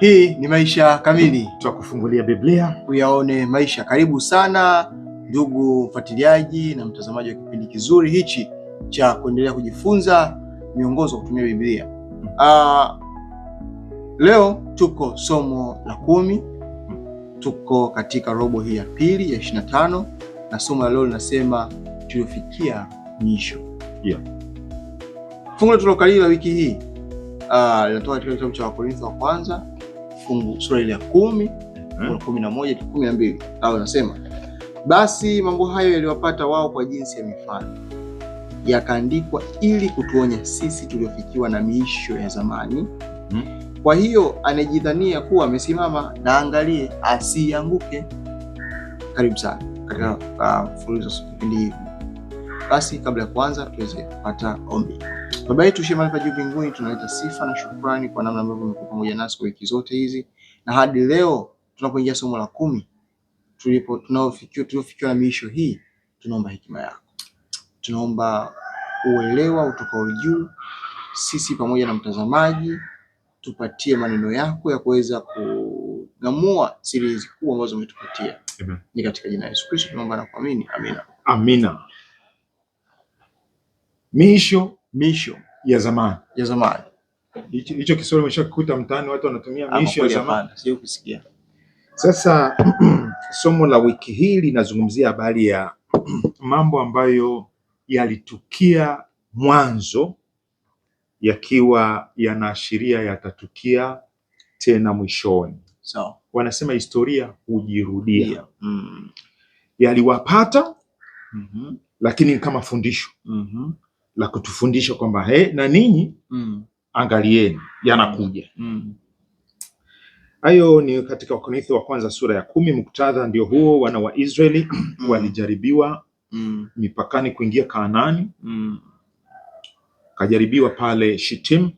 Hii ni Maisha Kamili, kufungulia Biblia uyaone maisha. Karibu sana ndugu mfuatiliaji na mtazamaji wa kipindi kizuri hichi cha kuendelea kujifunza miongozo wa kutumia Biblia. Uh, leo tuko somo la kumi, tuko katika robo hii ya pili ya 25 na somo la leo linasema tuliofikia mwisho. Yeah. Fungu tulokalili la wiki hii ah, linatoka uh, katika kitabu cha Wakorintho wa kwanza kifungu sura ile ya kumi hmm, kumi na moja kumi na mbili au nasema basi mambo hayo yaliwapata wao kwa jinsi ya mifano yakaandikwa ili kutuonya sisi tuliofikiwa na miisho ya zamani hmm. Kwa hiyo anajidhania kuwa amesimama na angalie asianguke. Karibu sana katika uh, mfululizo uh, kipindi hivi. Basi kabla ya kuanza tuweze kupata ombi. Baba yetu shema hapa juu mbinguni, tunaleta sifa na shukrani kwa namna ambavyo umekuwa pamoja nasi kwa wiki zote hizi na hadi leo tunapoingia somo la kumi tulipo tunaofikiwa na miisho hii, tunaomba hekima yako, tunaomba uelewa utokao juu, sisi pamoja na mtazamaji, tupatie maneno yako ya kuweza kung'amua siri hizi kubwa ambazo umetupatia. Ni katika jina la Yesu Kristo tunaomba na kuamini, amina. Amina. Miisho misho ya zamani ya zamani. Hicho Kiswahili umeshakuta mtaani, watu wanatumia misho ya zamani, sio kusikia. Sasa somo la wiki hii linazungumzia habari ya mambo ambayo yalitukia mwanzo yakiwa yanaashiria yatatukia tena mwishoni. So, wanasema historia hujirudia. Yeah. Mm. Yaliwapata mm -hmm. Lakini kama fundisho mm -hmm la kutufundisha kwamba he, na ninyi mm. angalieni yanakuja mm. Hayo ni katika Wakorintho wa kwanza sura ya kumi. Muktadha ndio huo, wana wa Israeli mm. walijaribiwa mm. mipakani kuingia Kaanani mm. kajaribiwa pale shitim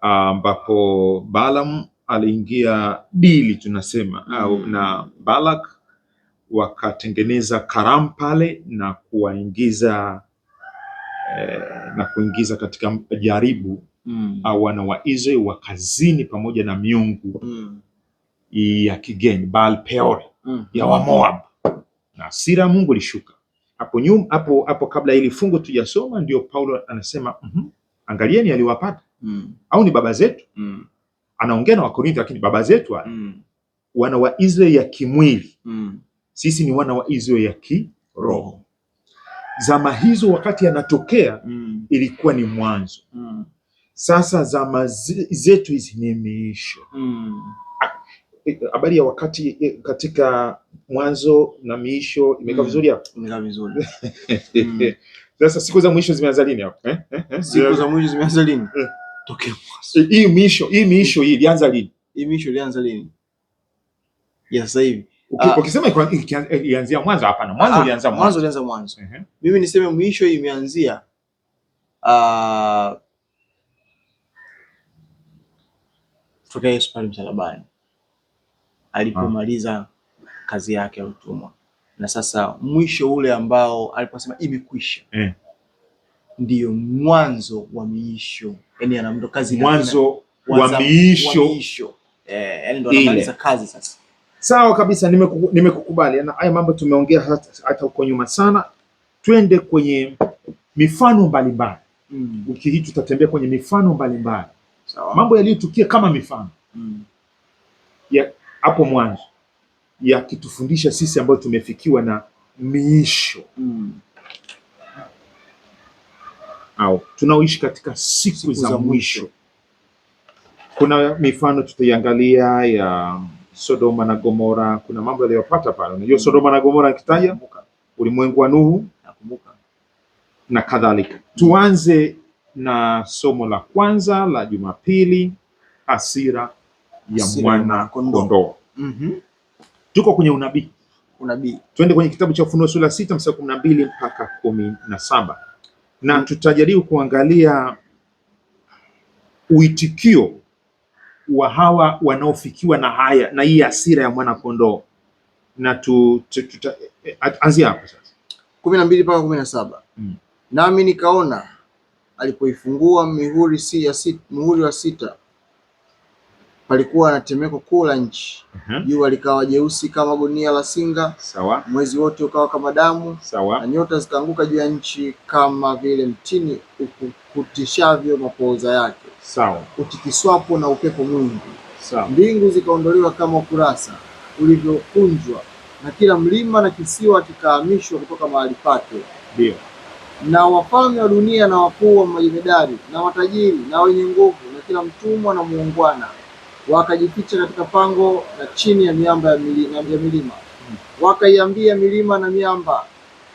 ah, ambapo uh, Balaam aliingia dili tunasema mm. au na Balak wakatengeneza karamu pale na kuwaingiza Eh, na kuingiza katika jaribu mm. au wana wa Israeli kazini pamoja na miungu mm. ya kigeni Baal Peor mm. ya Wamoab na hasira ya Mungu ilishuka hapo nyuma. Hapo hapo kabla ili fungu tujasoma, ndio Paulo anasema mm -hmm, angalieni aliwapata mm. au ni baba zetu mm. anaongea na Wakorintho, lakini baba zetu wa, mm. wana wa Israeli ya kimwili mm. sisi ni wana wa Israeli ya kiroho zama hizo wakati yanatokea mm. ilikuwa ni mwanzo mm. Sasa zama zetu hizi ni miisho mm. E, habari ya wakati e, katika mwanzo na miisho imekaa mm. vizuri hapo, imekaa vizuri mm. sasa. Siku za mwisho zimeanza lini hapo eh, eh? Eh? Siku za mwisho zimeanza lini eh? Tokea mwanzo e, hii miisho hii miisho hii ilianza lini? Hii miisho ilianza lini ya sasa hivi Ah. Ukisema ilianzia mwanzo, hapana, mwanzo ilianza ah, mwanzo, ilianza mwanzo. Mhm. Mimi niseme mwisho imeanzia ah, kutoka Yesu pale msalabani alipomaliza kazi yake ya utumwa, na sasa mwisho ule ambao aliposema imekwisha, eh, ndiyo mwanzo wa miisho, yani anamndo kazi mwanzo wa miisho, eh, yani ndo anamaliza kazi sasa Sawa kabisa, nimekukubali na haya mambo tumeongea hata, hata huko nyuma sana. Twende kwenye mifano mbalimbali mm. Wiki hii tutatembea kwenye mifano mbalimbali sawa, mambo yaliyotukia kama mifano mm. ya hapo mwanzo yakitufundisha sisi ambayo tumefikiwa na miisho mm. au tunaoishi katika siku, siku za mwisho. Kuna mifano tutaiangalia ya Sodoma na Gomora, kuna mambo yaliyopata pale. Unajua Sodoma na Gomora akitaja ulimwengu wa Nuhu nakumbuka, na kadhalika. Tuanze na somo la kwanza la Jumapili, hasira ya mwana kondoo. mm Tuko kwenye unabii unabii, twende kwenye kitabu cha Ufunuo sura sita mstari kumi na mbili mpaka kumi na saba na tutajaribu kuangalia uitikio wa hawa wanaofikiwa na haya na hii hasira ya mwana kondoo, na tu, tu, tu, eh, eh, anzia hapo sasa kumi na mbili mpaka kumi na saba mm. Nami nikaona alipoifungua mihuri si ya sita, muhuri wa sita palikuwa na temeko kuu la nchi. juu uh -huh. likawa jeusi kama gunia la singa. Sawa. Mwezi wote ukawa kama damu. Sawa. Na nyota zikaanguka juu ya nchi kama vile mtini ukutishavyo mapooza yake sawa, utikiswapo na upepo mwingi, sawa, mbingu zikaondolewa kama ukurasa ulivyokunjwa, na kila mlima na kisiwa kikahamishwa kutoka mahali pake, ndio na wafalme wa dunia na wakuu wa majemadari na watajiri na wenye nguvu na kila mtumwa na muungwana wakajificha katika pango na chini ya miamba ya milima, milima. Wakaiambia milima na miamba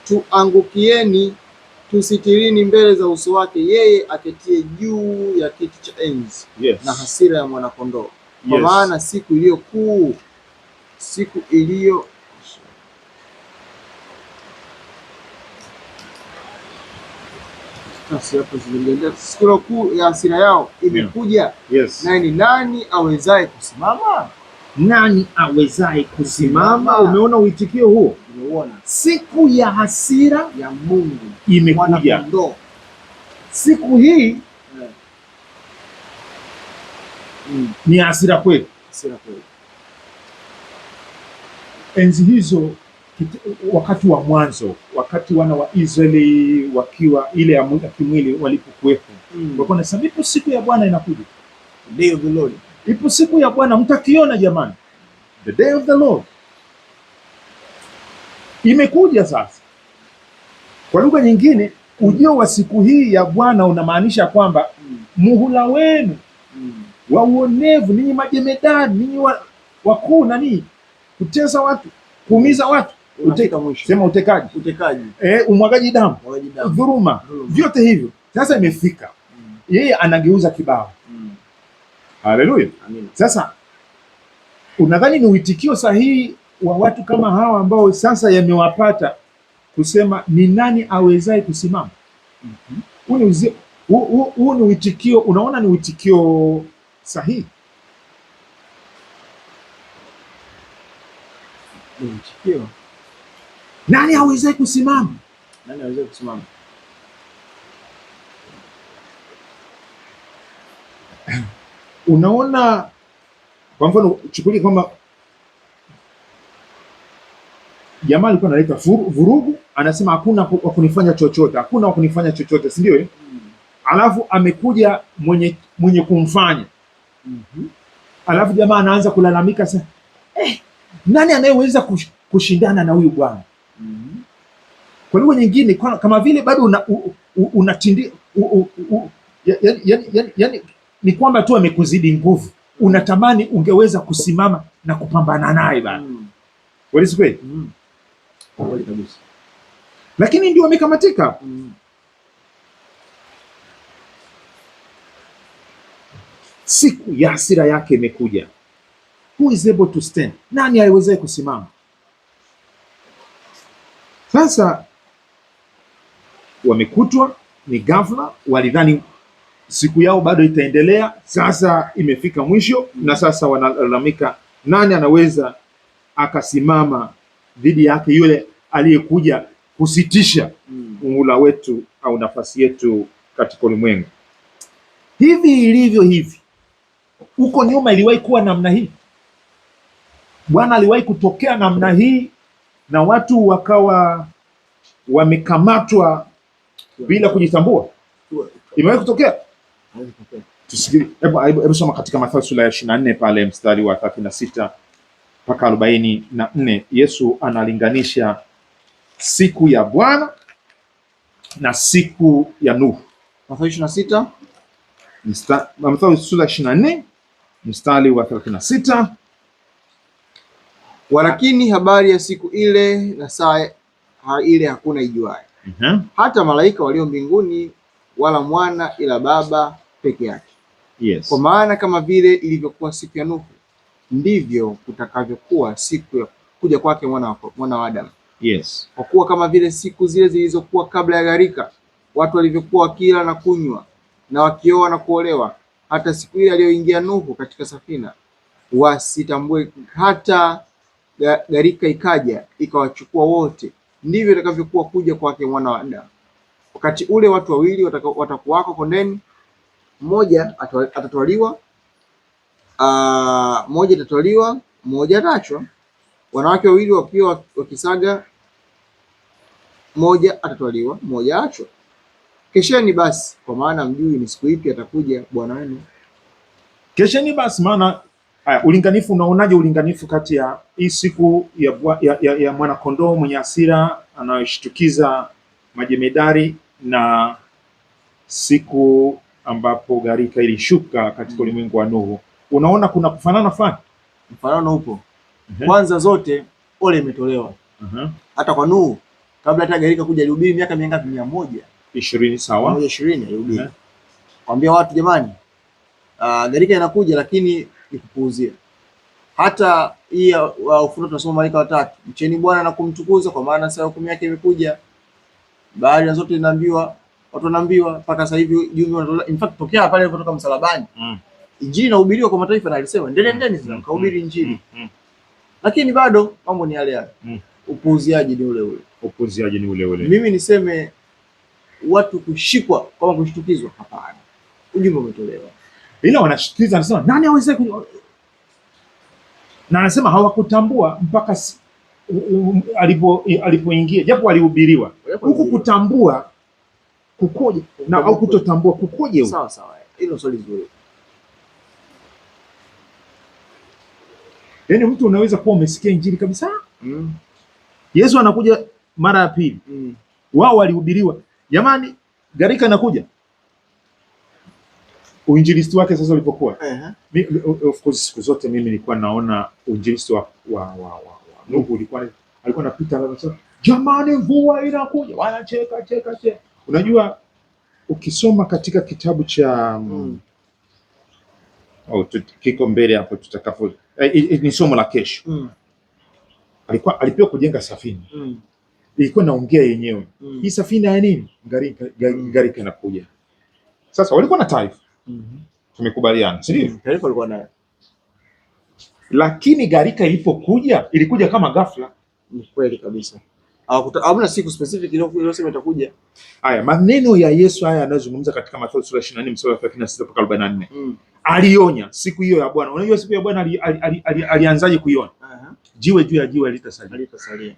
tuangukieni tusitirini mbele za uso wake yeye aketie juu ya kiti cha enzi yes. na hasira ya mwanakondoo kwa yes. maana siku iliyo kuu siku iliyo siku kuu ya hasira yao imekuja yes. naye ni nani awezaye kusimama? Nani awezaye kusimama? Umeona uitikio huo? kuona siku ya hasira ya Mungu imekuja. Siku hii yeah. Mm, ni hasira kweli, hasira kweli. Enzi hizo wakati wa mwanzo, wakati wana wa Israeli wakiwa ile ya kimwili walipokuwepo, mm. walikuwa nasema ipo siku ya Bwana inakuja, day of the Lord. Ipo siku ya Bwana mtakiona jamani, the day of the Lord imekuja sasa. Kwa lugha nyingine, ujio wa siku hii ya Bwana unamaanisha kwamba muhula wenu wa uonevu, ninyi majemedani ninyi wakuu, nanii kuteza watu, kuumiza watu Ute, sema utekaji, utekaji. E, umwagaji damu, dhuruma, vyote hivyo sasa imefika. mm. Yeye anageuza kibao. mm. Haleluya! Sasa unadhani ni uitikio sahihi wa watu kama hawa ambao sasa yamewapata kusema ni nani awezaye kusimama? Mhm. Huu -hmm. ni uitikio, unaona ni uitikio sahihi Nani awezaye kusimama? Nani awezaye kusimama? Unaona, kwa mfano chukulia kwamba jamaa alikuwa analeta vurugu, anasema hakuna wa kunifanya chochote, hakuna wa kunifanya chochote, si ndio? mm. Alafu amekuja mwenye mwenye kumfanya mm -hmm. Alafu jamaa anaanza kulalamika sasa, eh, nani anayeweza kush, kushindana na huyu bwana mm -hmm. Kwa lugha nyingine, kama vile bado una, unatindi yani, ni kwamba tu amekuzidi nguvu, unatamani ungeweza kusimama na kupambana naye bana, mm. kweli si kweli? mm kweli kabisa, lakini ndio wamekamatika. Siku ya hasira yake imekuja. Who is able to stand? Nani aiwezaye kusimama? Sasa wamekutwa ni gafla, walidhani siku yao bado itaendelea, sasa imefika mwisho na sasa wanalalamika, nani anaweza akasimama dhidi yake yule aliyekuja kusitisha muhula hmm. wetu au nafasi yetu katika ulimwengu. Hivi ilivyo hivi, huko nyuma iliwahi kuwa namna hii. Bwana aliwahi kutokea namna hii na watu wakawa wamekamatwa bila kujitambua. Imewahi kutokea. Hebu soma katika Mathayo sura ya ishirini na nne pale mstari wa thelathini na sita mpaka arobaini na nne Yesu analinganisha siku ya Bwana na siku ya Nuhu. Mathayo 26 Mathayo sura 24 mstari wa 36, walakini habari ya siku ile na saa ile hakuna ijuaye, mm -hmm. hata malaika walio mbinguni wala mwana, ila Baba peke yake. Yes. Kwa maana kama vile ilivyokuwa siku ya Nuhu ndivyo kutakavyokuwa siku ya kuja kwake mwana wa Adamu. Yes. Kwa kuwa kama vile siku zile zilizokuwa kabla ya gharika, watu walivyokuwa wakila na kunywa na wakioa na kuolewa, hata siku ile aliyoingia Nuhu katika safina, wasitambue hata gharika ikaja ikawachukua wote, ndivyo itakavyokuwa kuja kwake mwana wa Adamu. Wakati ule watu wawili watakuwako kondeni, mmoja atatwaliwa, mmoja atatwaliwa, mmoja ataachwa. Wanawake wawili wakiwa wakisaga moja atatwaliwa, mmoja achwa. Kesheni basi, kwa maana mjui ni siku ipi atakuja Bwana wenu. Kesheni basi, maana haya. Ulinganifu, unaonaje ulinganifu kati ya hii siku ya, ya, ya, ya mwanakondoo mwenye hasira anayoshtukiza majemedari na siku ambapo gharika ilishuka katika mm. ulimwengu wa Nuhu? Unaona kuna kufanana fulani? Mfanano upo. Mhm. Kwanza zote ole imetolewa. Mhm. Hata kwa Nuhu kabla hata Gerika kuja alihubiri miaka mingapi? mia moja ishirini sawa, moja ishirini Lubiri uh eh. Kwambia watu jamani, uh, ah, Gerika inakuja, lakini nikupuuzia hata hii uh, Ufunuo tunasoma malaika watatu, mcheni Bwana na kumtukuza, kwa maana sasa hukumu yake imekuja. Bahari na zote inaambiwa, watu wanaambiwa mpaka sasa hivi jumbe wanatoa. In fact tokea pale alipotoka msalabani mm. Injili inahubiriwa kwa mataifa na alisema ndele ndeni mm. Mkahubiri mm. Injili mm. mm. Lakini bado mambo ni yale yale mm. Upuuziaji ni ule ule upunziaji ni ule ule. Mimi niseme watu kushikwa kama kushtukizwa, hapana. Ujumbe umetolewa, ila wanashtukiza, anasema nani aweze na anasema hawakutambua mpaka alipoingia, japo walihubiriwa huku. Kutambua kukoje na au kutotambua kukoje? Sawa sawa, hilo swali zuri. Yaani mtu unaweza kuwa umesikia injili kabisa mm. Yesu anakuja mara ya pili mm. wao walihubiriwa. Jamani, gharika inakuja uinjilisti wake sasa ulipokuwa. uh -huh. Of course siku zote mimi nilikuwa naona uinjilisti wa, wa, wa, wa, wa Nuhu ulikuwa alikuwa anapita jamani, mvua inakuja, wanacheka cheka cheka. Unajua, ukisoma katika kitabu cha mm. mm. oh, kiko mbele hapo tutakapo, eh, ni somo la kesho mm. alikuwa alipewa kujenga safina mm ilikuwa inaongea yenyewe mm. hii safina ya nini ngarika, ngarika mm. inakuja. Sasa walikuwa na taifa mm -hmm. tumekubaliana, si ndio? Mm, na, lakini garika ilipokuja ilikuja kama ghafla. Ni kweli kabisa, hakuna siku specific iliyosema itakuja. Haya maneno ya Yesu haya anayozungumza katika Mathayo sura 24 mstari wa 36 mpaka 44 mm. alionya siku hiyo ya Bwana. Unajua siku ya Bwana alianzaje ali, ali, ali, ali kuiona? uh -huh. jiwe juu ya jiwe litasalia, litasalia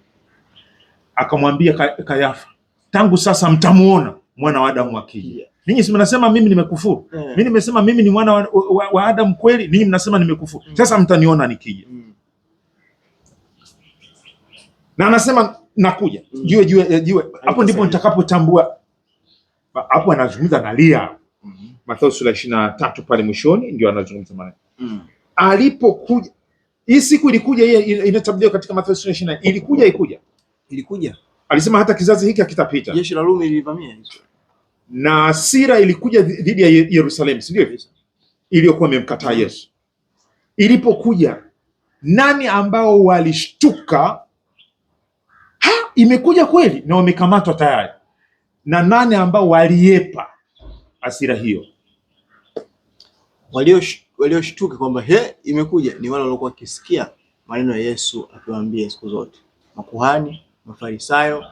akamwambia Kayafa, tangu sasa mtamuona mwana wa Adamu akija. Yeah. Ninyi si mnasema mimi nimekufuru? Yeah. Mimi nimesema mimi ni mwana wa, wa, wa Adamu kweli? Ninyi mnasema nimekufuru. Mm. Sasa mtaniona nikija. Mm. Na anasema nakuja. Mm. Jiwe jiwe jiwe. Hapo ndipo nitakapotambua. Hapo anazungumza na Lia. Mm -hmm. Mathayo sura ishirini na pale mwishoni ndio anazungumza maana. Mm. Alipokuja hii siku ilikuja, yeye inatabiriwa katika Mathayo sura 24. Ilikuja ikuja ilikuja, alisema hata kizazi hiki hakitapita. Jeshi la Rumi lilivamia na hasira ilikuja dhidi ya Yerusalemu, si ndio? Iliyokuwa amemkataa Yesu. Ilipokuja, nani ambao walishtuka, ha, imekuja kweli, na wamekamatwa tayari, na nani ambao waliepa hasira hiyo? Walioshtuka kwamba he, imekuja ni wale waliokuwa wakisikia maneno ya Yesu akiwaambia siku zote makuhani Mafarisayo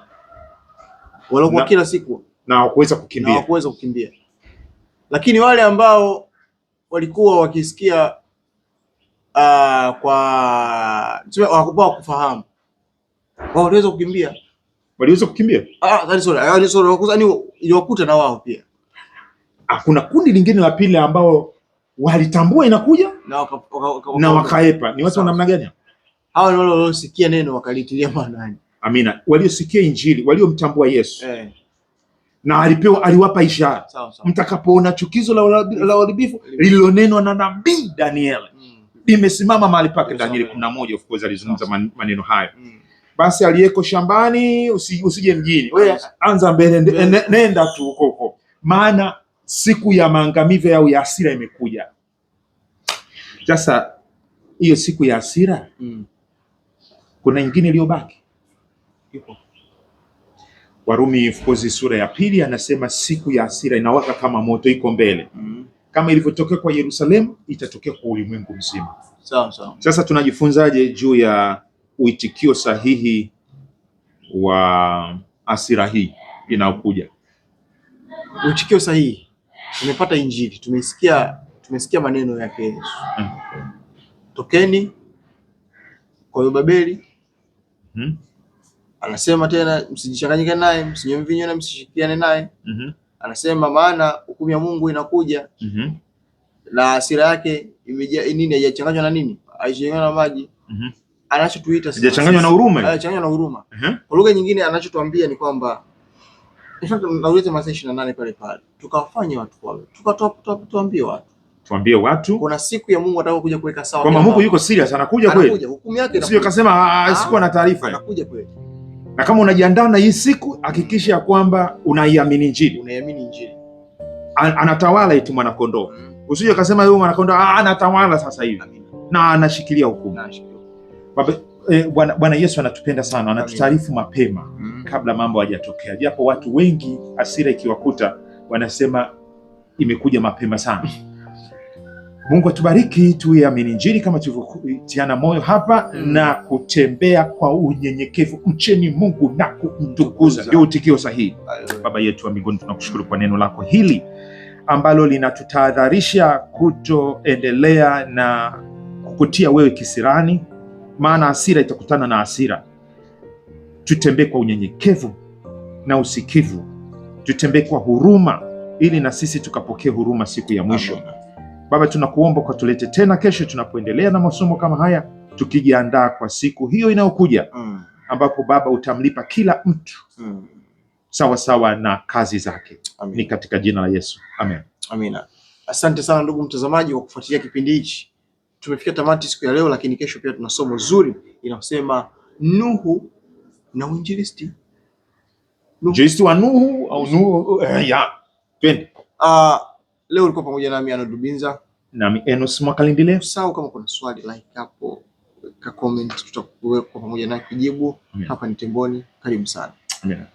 waliokuwa kila siku na hawakuweza kukimbia, hawakuweza kukimbia. Lakini wale ambao walikuwa wakisikia uh, kwa hawakupewa kufahamu, wao waliweza kukimbia, waliweza kukimbia, ah, ah, yaani, iliwakuta na wao pia. Kuna kundi lingine la pili ambao walitambua inakuja na wakaepa waka, waka, waka, waka. Ni watu wa namna gani hawa? Ni wale waliosikia neno wakalitilia maanani Amina, waliosikia Injili, waliomtambua Yesu eh, na alipewa aliwapa ishara, mtakapoona chukizo la uharibifu lililonenwa na nabii Danieli hmm. limesimama mahali pake. Danieli kumi na moja of course alizungumza maneno hayo mm. Basi aliyeko shambani usije, usije mjini, wewe anza mbele, nenda tu huko huko, maana siku ya maangamivu yao ya hasira imekuja. Sasa hiyo siku ya hasira mm. kuna nyingine iliyobaki Yupo. Warumi fukozi sura ya pili anasema siku ya hasira inawaka kama moto, iko mbele mm. Kama ilivyotokea kwa Yerusalemu itatokea kwa ulimwengu mzima. Sawa sawa. Sasa tunajifunzaje juu ya uitikio sahihi wa hasira hii inayokuja? Uitikio sahihi, tumepata Injili, tumesikia tumesikia maneno yake Yesu mm. Tokeni kwa Babeli mm. Mm-hmm. Anasema tena msijichanganyike naye, msinywe mvinyo na msishikiane naye. mm -hmm. Anasema maana hukumu ya Mungu inakuja mm -hmm. na hasira yake imejaa nini? Haijachanganywa na nini? Haijachanganywa na maji mm -hmm. Anachotuita haijachanganywa na huruma, haijachanganywa na huruma mm -hmm. Kwa lugha nyingine anachotuambia ni kwamba nauliza Mathayo ishirini na nane pale pale, tukawafanye watu wawe, tuambie watu tuambie watu kuna siku ya Mungu atakayokuja kuweka sawa, Kwa maana Mungu yuko serious, anakuja kweli, hukumu yake, sio kasema ah, ah, ah, sikuwa na taarifa, anakuja kweli na kama unajiandaa na hii siku, hakikisha ya kwamba unaiamini Injili, unaiamini Injili. An anatawala eti mwanakondoo, mm. usije kasema yeye mwanakondoo ah, anatawala sasa hivi na anashikilia hukumu. E, Bwana Bwana Yesu anatupenda sana, anatutaarifu mapema mm. kabla mambo hajatokea, japo watu wengi hasira ikiwakuta wanasema imekuja mapema sana Mungu atubariki tuiamini Injili kama tulivyotiana moyo hapa mm. na kutembea kwa unyenyekevu. Mcheni Mungu na kumtukuza, ndio utikio sahihi. Baba yetu wa mbinguni, tunakushukuru kwa neno lako hili ambalo linatutahadharisha kutoendelea na kukutia wewe kisirani, maana hasira itakutana na hasira. Tutembee kwa unyenyekevu na usikivu, tutembee kwa huruma, ili na sisi tukapokee huruma siku ya mwisho Amen. Baba, tunakuomba kwa tulete tena kesho tunapoendelea na masomo kama haya, tukijiandaa kwa siku hiyo inayokuja mm. ambapo Baba utamlipa kila mtu mm. sawa sawa na kazi zake. Amin. Ni katika jina la Yesu Amen. Amina. Asante sana ndugu mtazamaji kwa kufuatilia kipindi hichi. Tumefika tamati siku ya leo, lakini kesho pia tuna somo zuri inayosema Nuhu na uinjilisti. Nuhu. wa Nuhu au Nuhu, uh, ya. Twende. uh, Leo ulikuwa pamoja nami Arnold Rubinza nami Enos Mwakalindile. Sawa, kama kuna swali like hapo ka comment, tutakuwa pamoja na kujibu. Hapa ni Temboni, karibu sana. Amina.